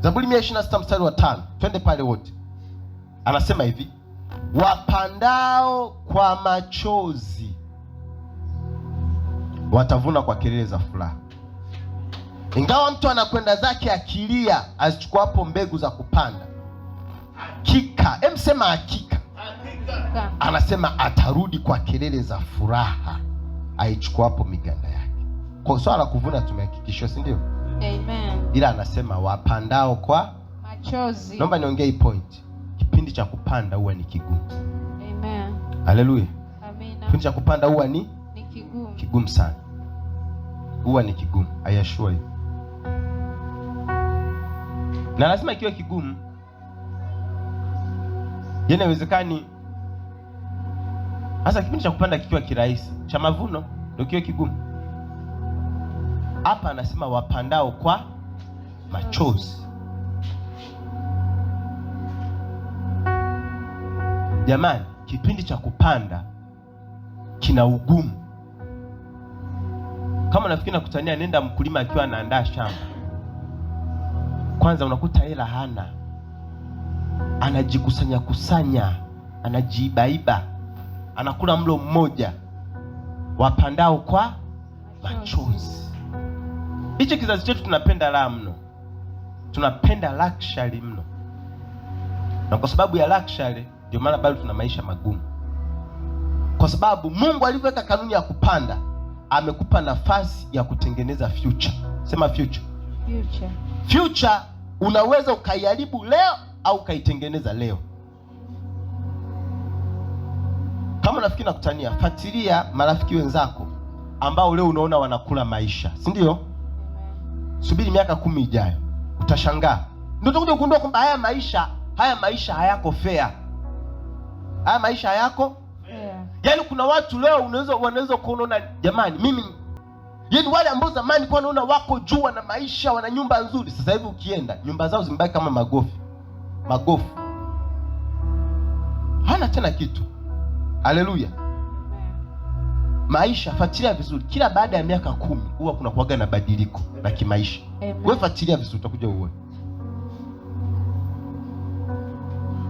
Zaburi 126 mstari wa tano, twende pale wote. Anasema hivi, wapandao kwa machozi watavuna kwa kelele za furaha. Ingawa mtu anakwenda zake akilia, azichukua hapo mbegu za kupanda, hakika emsema, hakika anasema atarudi kwa kelele za furaha, aichukua hapo miganda yake. Kwa swala la kuvuna tumehakikishwa, si ndio? Amen ila anasema wapandao kwa machozi. Naomba niongee hii point. Kipindi cha kupanda huwa ni kigumu. Amen. Haleluya. Amina. Kipindi cha kupanda huwa ni ni kigumu. Kigumu sana. Huwa ni kigumu. assure you. Na lazima ikiwa kigumu, yaani haiwezekani hasa kipindi cha kupanda kikiwa kirahisi, cha mavuno ndio kiwe kigumu. Hapa anasema wapandao kwa machozi. Jamani, kipindi cha kupanda kina ugumu. Kama nafikiri nakutania, nenda mkulima akiwa anaandaa shamba, kwanza unakuta hela hana, anajikusanya kusanya, anajiibaiba, anakula mlo mmoja wapandao kwa machozi. Hichi kizazi chetu tunapenda raha mno tunapenda luxury mno, na kwa sababu ya luxury ndio maana bado tuna maisha magumu, kwa sababu Mungu alivyoweka kanuni ya kupanda, amekupa nafasi ya kutengeneza future. Sema future. Future, future unaweza ukaiharibu leo au ukaitengeneza leo. Kama rafiki nakutania, fatilia marafiki wenzako ambao leo unaona wanakula maisha, si ndio? Subiri miaka kumi ijayo utashangaa, ndio utakuja kugundua kwamba haya maisha haya maisha hayako fair, haya maisha hayako yeah. Yani kuna watu leo unaweza wanaweza kuona jamani, mimi yani wale ambao zamani kwa naona wako juu, wana maisha, wana nyumba nzuri, sasa hivi ukienda nyumba zao zimebaki kama magofu magofu, hana tena kitu. Haleluya maisha, fuatilia vizuri, kila baada ya miaka kumi huwa kuna kuaga na badiliko la kimaisha. Wewe fuatilia vizuri, utakuja uone,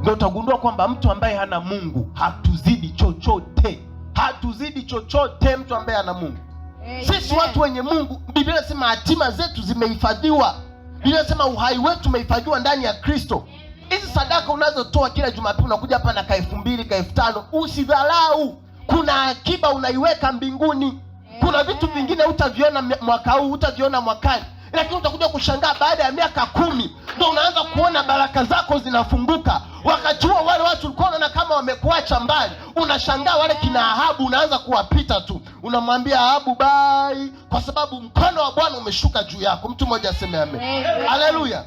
ndio utagundua kwamba mtu ambaye hana Mungu hatuzidi chochote, hatuzidi chochote mtu ambaye hana Mungu. Amen. Sisi watu wenye Mungu, Biblia inasema hatima zetu zimehifadhiwa. Biblia inasema uhai wetu umehifadhiwa ndani ya Kristo. Hizi sadaka unazotoa kila Jumapili, unakuja hapa na kaelfu mbili kaelfu tano usidharau kuna akiba unaiweka mbinguni. Kuna vitu vingine utaviona mwaka huu, utaviona mwakani, lakini utakuja kushangaa baada ya miaka kumi ndo unaanza kuona baraka zako zinafunguka. Wakati huo wale watu ulikuwa unaona kama wamekuacha mbali, unashangaa wale kina Ahabu unaanza kuwapita tu, unamwambia Ahabu bai, kwa sababu mkono wa Bwana umeshuka juu yako. Mtu mmoja aseme amen, haleluya.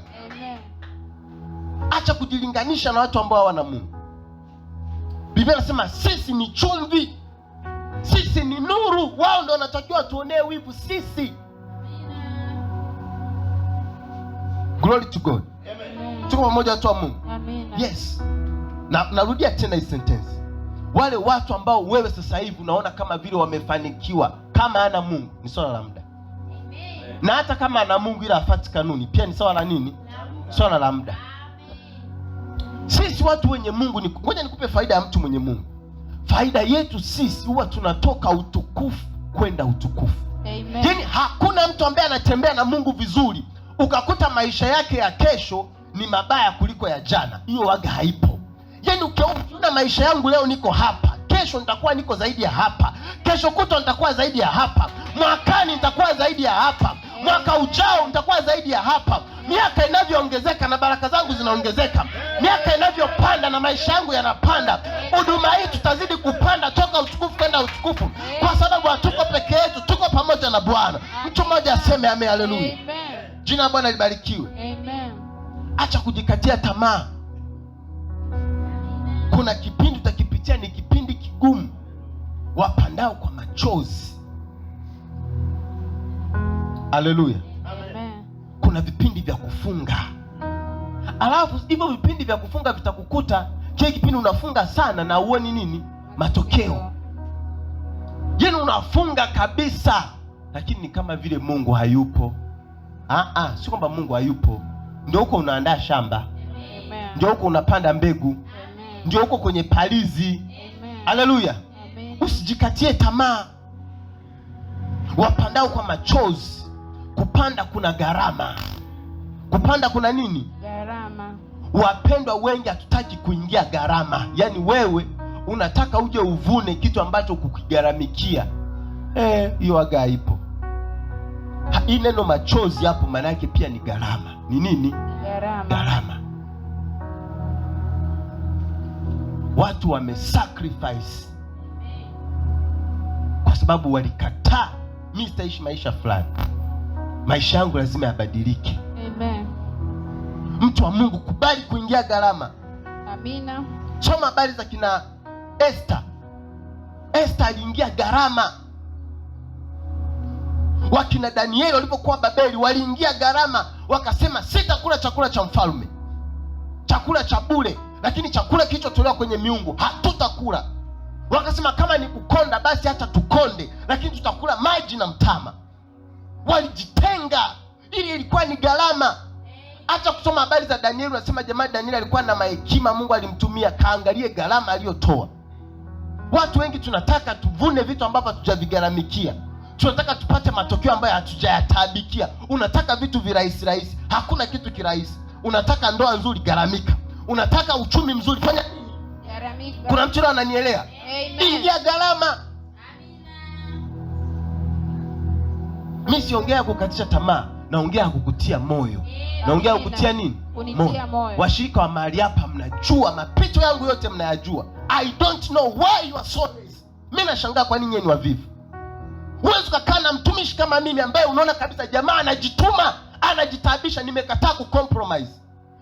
Acha kujilinganisha na watu ambao hawana Mungu. Biblia inasema sisi ni chumvi, sisi ni nuru. Wao ndio wanatakiwa tuonee wivu sisi. Glory to God. Amen. Tuko pamoja watu wa Mungu. Amen. Yes. Na narudia tena hii sentence. Wale watu ambao wewe sasa hivi unaona kama vile wamefanikiwa, kama ana Mungu ni swala la muda. Amen. Na hata kama ana Mungu ila afati kanuni pia ni swala la nini? Swala la muda. Sisi watu wenye Mungu ni ngoja nikupe faida ya mtu mwenye Mungu. Faida yetu sisi huwa tunatoka utukufu kwenda utukufu. Amen. Yaani hakuna mtu ambaye anatembea na Mungu vizuri ukakuta maisha yake ya kesho ni mabaya kuliko ya jana. Hiyo waga haipo. Yaani ukiona maisha yangu leo niko hapa, kesho nitakuwa niko zaidi ya hapa, kesho kutwa nitakuwa zaidi ya hapa, mwakani nitakuwa zaidi ya hapa, mwaka ujao nitakuwa zaidi ya hapa, miaka inavyoongezeka na baraka zangu zinaongezeka miaka inavyopanda na maisha yangu yanapanda, huduma hii tutazidi kupanda toka utukufu kwenda utukufu, kwa sababu hatuko peke yetu, tuko pamoja na Bwana. Mtu mmoja aseme ame, haleluya! Jina la Bwana libarikiwe. Acha kujikatia tamaa. Kuna kipindi utakipitia, ni kipindi kigumu, wapandao kwa machozi. Haleluya! Kuna vipindi vya kufunga Alafu hivyo vipindi vya kufunga vitakukuta kile kipindi unafunga sana na uoni nini matokeo. Jeni yaani unafunga kabisa, lakini ni kama vile Mungu hayupo. Ah ah, si kwamba Mungu hayupo, ndio huko unaandaa shamba, ndio huko unapanda mbegu, ndio huko kwenye palizi. Haleluya! Usijikatie tamaa. Wapandao kwa machozi, kupanda kuna gharama. Kupanda kuna nini? Gharama. Wapendwa wengi hatutaki kuingia gharama, yaani wewe unataka uje uvune kitu ambacho kukigharamikia eh, hiyo, e, aga ipo hii neno machozi hapo, maana yake pia ni gharama. Ni nini gharama? Watu wamesacrifice kwa sababu walikataa, mi sitaishi maisha fulani, maisha yangu lazima yabadilike mtu wa Mungu, kubali kuingia gharama. Amina. Soma habari za kina Esther. Esther aliingia gharama. Wakina Danieli walipokuwa Babeli waliingia gharama, wakasema sitakula chakula cha mfalme, chakula cha bure, lakini chakula kilichotolewa kwenye miungu hatutakula. Wakasema kama ni kukonda, basi hata tukonde, lakini tutakula maji na mtama. Walijitenga, ili ilikuwa ni gharama hata kusoma habari za Danieli unasema jamani, Danieli alikuwa na mahekima, Mungu alimtumia. Kaangalie gharama aliyotoa. Watu wengi tunataka tuvune vitu ambavyo hatujavigharamikia, tunataka tupate matokeo ambayo hatujayatabikia. Unataka vitu virahisi rahisi, hakuna kitu kirahisi. Unataka ndoa nzuri, gharamika. Unataka uchumi mzuri, fanya gharamika. Kuna mtu ananielewa? Ingia gharama. mimi siongea kukatisha tamaa naongea kukutia moyo naongea kukutia nini moyo. Washirika wa mahali hapa mnajua mapito yangu yote mnayajua. I don't know why you are so mi nashangaa kwa nini nyinyi ni wavivu. Huwezi ukakaa na mtumishi kama mimi ambaye unaona kabisa jamaa anajituma, anajitaabisha. Nimekataa kucompromise,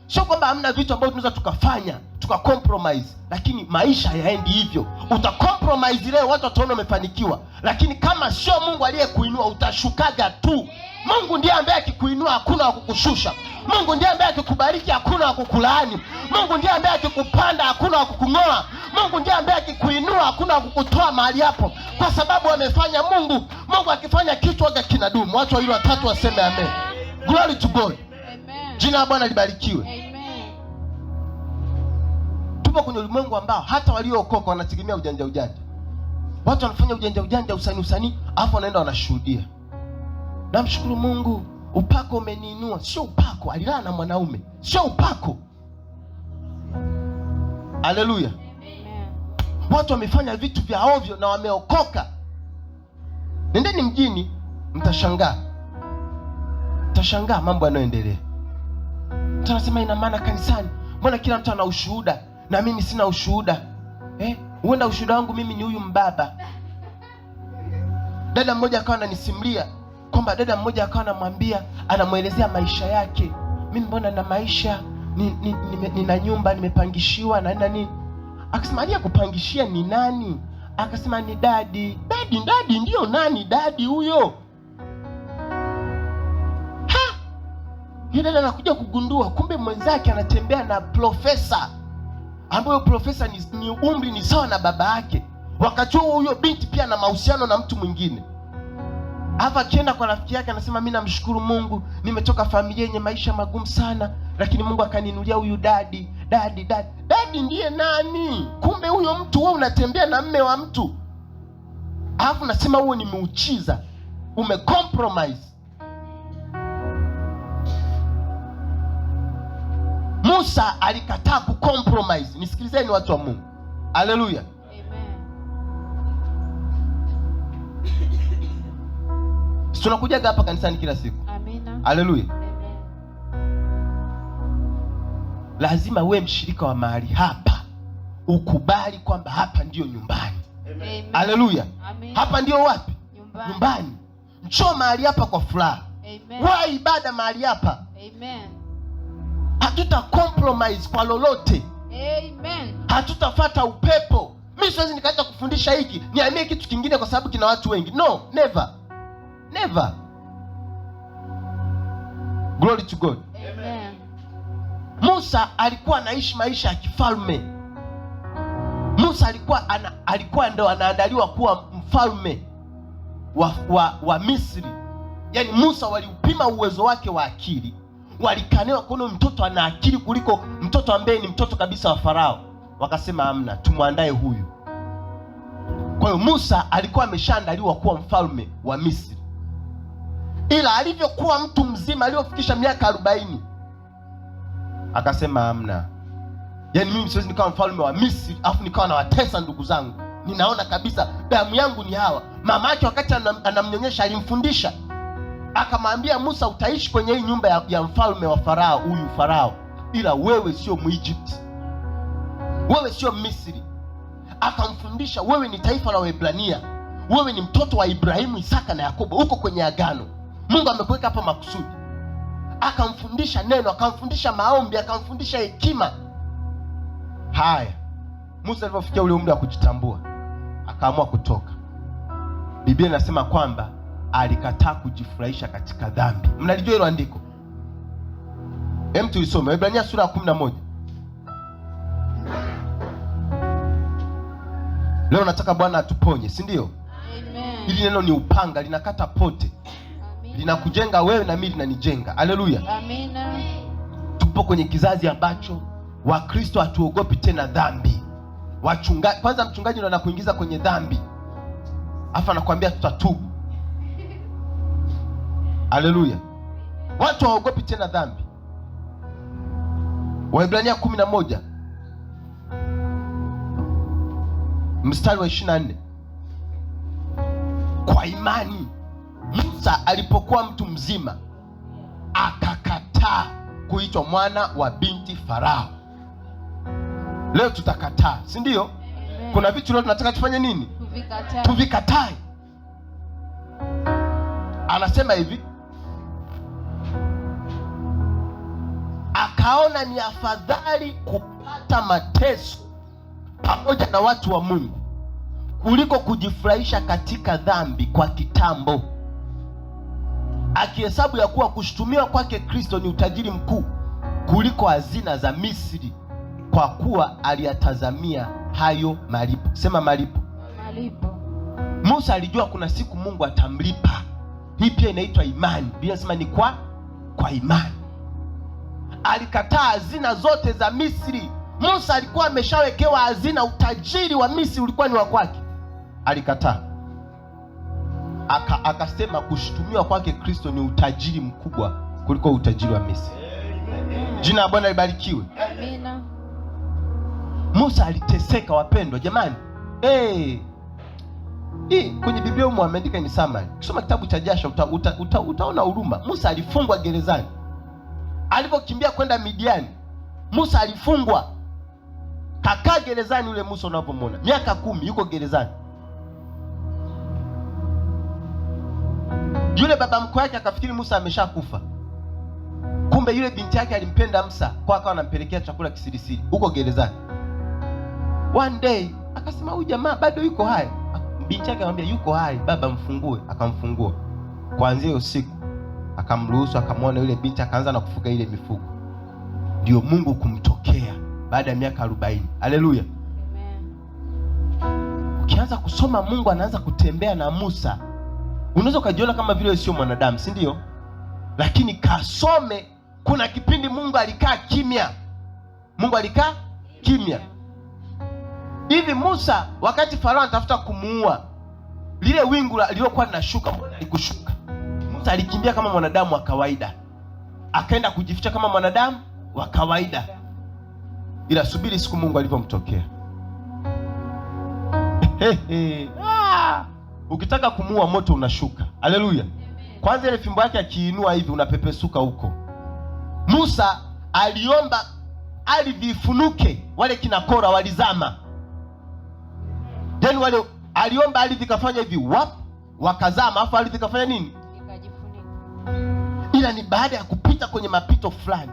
sio kwamba hamna vitu ambavyo tunaweza tukafanya tukakompromise, lakini maisha hayaendi hivyo. Utakompromise leo, watu wataona umefanikiwa, lakini kama sio Mungu aliyekuinua utashukaga tu. Mungu ndiye ambaye akikuinua hakuna wa kukushusha. Mungu ndiye ambaye akikubariki hakuna wa kukulaani. Mungu ndiye ambaye akikupanda hakuna wa kukung'oa. Mungu ndiye ambaye akikuinua hakuna wa kukutoa mahali hapo, kwa sababu amefanya Mungu. Mungu akifanya kitu aga kinadumu. Watu wawili watatu waseme amen. Glory to God. Amen. Jina la Bwana libarikiwe. Amen. Tupo kwenye ulimwengu ambao hata waliookoka wanategemea ujanja ujanja. Watu wanafanya ujanja ujanja, usani usani, afu wanaenda wanashuhudia Namshukuru Mungu, upako umeniinua. Sio upako, alilala na mwanaume, sio upako. Haleluya! Watu wamefanya vitu vya ovyo na wameokoka. Nendeni mjini, mtashangaa, mtashangaa mambo yanayoendelea. Mtu anasema ina maana kanisani, mbona kila mtu ana ushuhuda na mimi sina ushuhuda eh? Huenda ushuhuda wangu mimi ni huyu mbaba. Dada mmoja akawa ananisimulia kwamba dada mmoja akawa anamwambia, anamwelezea maisha yake, mimi mbona na maisha nina ni, ni, ni, ni nyumba nimepangishiwa na nini. Akasema kupangishia ni nani? Akasema ni dadi. Dadi? Dadi ndiyo nani? Dadi huyo. Yule dada anakuja kugundua kumbe mwenzake anatembea na profesa ambayo profesa ni, ni umri ni sawa na baba yake. Wakati huo huyo binti pia ana mahusiano na mtu mwingine. Hapa akienda kwa rafiki yake anasema, mi namshukuru Mungu, nimetoka familia yenye maisha magumu sana, lakini Mungu akaninulia huyu dadi. Dadi, dadi, dadi ndiye nani? Kumbe huyo mtu, wewe unatembea na mme wa mtu, alafu nasema huo nimeuchiza, umecompromise. Musa alikataa kucompromise. Nisikilizeni watu wa Mungu, aleluya tunakujaga hapa kanisani kila siku. Amina. Haleluya. Lazima uwe mshirika wa mahali hapa, ukubali kwamba hapa ndiyo nyumbani. Haleluya. Hapa ndiyo wapi? Nyumbani, nyumbani. Mchoo mahali hapa kwa furaha, wa ibada mahali hapa. Hatuta compromise kwa lolote. Amen. Hatutafata upepo. Mi siwezi nikaacha kufundisha hiki niamie kitu kingine kwa sababu kina watu wengi. No, never. Never. Glory to God. Amen. Musa alikuwa anaishi maisha ya kifalme. Musa alikuwa ana, alikuwa ndo anaandaliwa kuwa mfalme wa, wa, wa Misri. Yaani Musa waliupima uwezo wake wa akili, walikanewa kuna mtoto ana akili kuliko mtoto ambaye ni mtoto kabisa wa Farao. Wakasema amna, tumwandae huyu. Kwa hiyo Musa alikuwa ameshaandaliwa kuwa mfalme wa Misri ila alivyokuwa mtu mzima aliyofikisha miaka arobaini akasema amna yani mimi siwezi nikawa mfalme wa Misri afu nikawa nawatesa ndugu zangu. Ninaona kabisa damu yangu ni hawa. Mama yake wakati anamnyonyesha alimfundisha akamwambia, Musa, utaishi kwenye hii nyumba ya, ya mfalme wa Farao huyu Farao, ila wewe sio Mwijipti, wewe sio Misri. Akamfundisha wewe ni taifa la Waebrania, wewe ni mtoto wa Ibrahimu, Isaka na Yakobo, uko kwenye agano Mungu amekuweka hapa makusudi, akamfundisha neno, akamfundisha maombi, akamfundisha hekima. Haya, Musa alipofikia ule umri wa kujitambua, akaamua kutoka. Biblia inasema kwamba alikataa kujifurahisha katika dhambi. Mnalijua hilo andiko? Hem, tuisome Waebrania sura ya kumi na moja. Leo nataka Bwana atuponye, si ndio? Amen. Hili neno ni upanga, linakata pote linakujenga wewe na mimi linanijenga. Haleluya, amina. Tupo kwenye kizazi ambacho Wakristo hatuogopi tena dhambi. Wachunga, kwanza mchungaji ndo anakuingiza kwenye dhambi afu anakuambia tutatubu. Haleluya, watu hawaogopi tena dhambi. Waibrania 11 mstari wa 24 kwa imani Musa alipokuwa mtu mzima akakataa kuitwa mwana wa binti Farao. Leo tutakataa, si ndio? Kuna vitu leo tunataka tufanye nini? Tuvikatae, tuvikatae. Anasema hivi, akaona ni afadhali kupata mateso pamoja na watu wa Mungu kuliko kujifurahisha katika dhambi kwa kitambo akihesabu ya kuwa kushutumiwa kwake Kristo ni utajiri mkuu kuliko hazina za Misri, kwa kuwa aliyatazamia hayo malipo. Sema malipo, malipo. Musa alijua kuna siku Mungu atamlipa. Hii pia inaitwa imani. Biblia inasema ni kwa kwa imani alikataa hazina zote za Misri. Musa alikuwa ameshawekewa hazina, utajiri wa Misri ulikuwa ni wa kwake, alikataa aka, akasema kushutumiwa kwake Kristo ni utajiri mkubwa kuliko utajiri wa Misri. Jina la Bwana libarikiwe. Amina. Musa aliteseka wapendwa, jamani hey. Eh, hii kwenye Biblia humo ameandika ni summary. Ukisoma kitabu cha Jasha uta, uta, uta, utaona huruma. Musa alifungwa gerezani alipokimbia kwenda Midiani. Musa alifungwa kakaa gerezani, yule Musa unavyomwona miaka kumi yuko gerezani. Yule baba mkwe yake akafikiri Musa ameshakufa, kumbe yule binti yake alimpenda Musa, kwa akawa anampelekea chakula kisirisiri huko gerezani. One day akasema huyu jamaa bado yuko hai. Binti yake akamwambia yuko hai baba, mfungue. Akamfungua kuanzia usiku, akamruhusu akamwona yule binti, akaanza na kufuga ile mifugo. Ndio Mungu kumtokea baada ya miaka arobaini. Haleluya! Ukianza kusoma Mungu anaanza kutembea na Musa unaweza ukajiona kama vile sio mwanadamu, si ndio? Lakini kasome, kuna kipindi Mungu alikaa kimya. Mungu alikaa kimya hivi. Musa wakati Farao anatafuta kumuua, lile wingu lililokuwa linashuka, mbona alikushuka? Musa alikimbia kama mwanadamu wa kawaida, akaenda kujificha kama mwanadamu wa kawaida, ila subiri siku Mungu alivyomtokea. Ah! Ukitaka kumua moto unashuka. Haleluya! Kwanza ile fimbo yake akiinua hivi unapepesuka huko. Musa aliomba ardhi ifunuke, wale kina Kora walizama. Then wale aliomba ardhi vikafanya hivi wap, wakazama, afu ardhi kafanya nini? Ila ni baada ya kupita kwenye mapito fulani.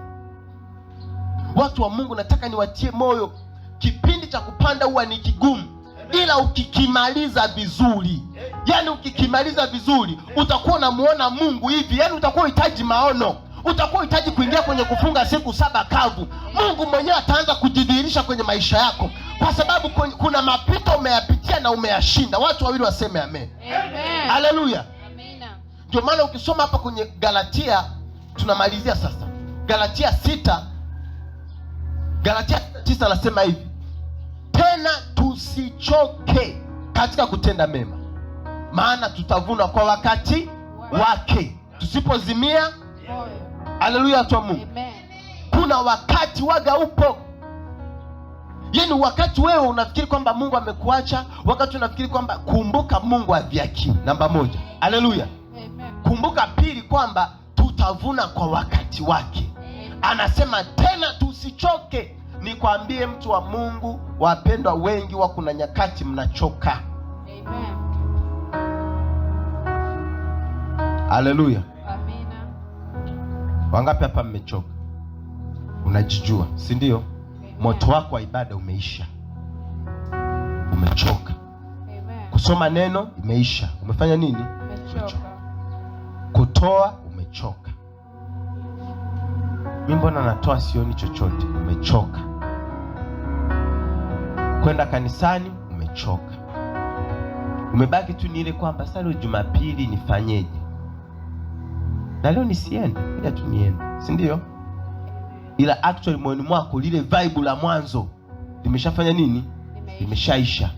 Watu wa Mungu, nataka niwatie moyo, kipindi cha kupanda huwa ni kigumu ila ukikimaliza vizuri, yani ukikimaliza vizuri utakuwa unamuona Mungu hivi, yani utakuwa uhitaji maono, utakuwa uhitaji kuingia kwenye kufunga siku saba kavu. Mungu mwenyewe ataanza kujidhihirisha kwenye maisha yako, kwa sababu kuna mapito umeyapitia na umeyashinda. Watu wawili waseme amen, haleluya. Ndio maana ukisoma hapa kwenye Galatia, tunamalizia sasa, Galatia sita Galatia tisa anasema hivi tena tusichoke katika kutenda mema, maana tutavuna kwa wakati wake, tusipozimia. Haleluya twa Mungu. Kuna wakati waga upo, Yani wakati wewe unafikiri kwamba Mungu amekuacha, wakati unafikiri kwamba, kumbuka Mungu aviaki namba moja. Haleluya. Kumbuka pili, kwamba tutavuna kwa wakati wake. Anasema tena tusichoke Nikwambie mtu wa Mungu, wapendwa wengi wa kuna nyakati mnachoka. Amen. Haleluya. Amina. Wangapi hapa mmechoka? Unajijua, si ndio? Moto wako wa ibada umeisha, umechoka. Amen. Kusoma neno imeisha, umefanya nini? Umechoka. Kutoa umechoka. Mi mbona natoa sioni chochote? Umechoka kwenda kanisani umechoka, umebaki tu ni ile kwamba sasa leo Jumapili nifanyeje, na leo nisiende, ila tu niende, si ndio? Ila actually moyoni mwako lile vibe la mwanzo limeshafanya nini? Limeshaisha.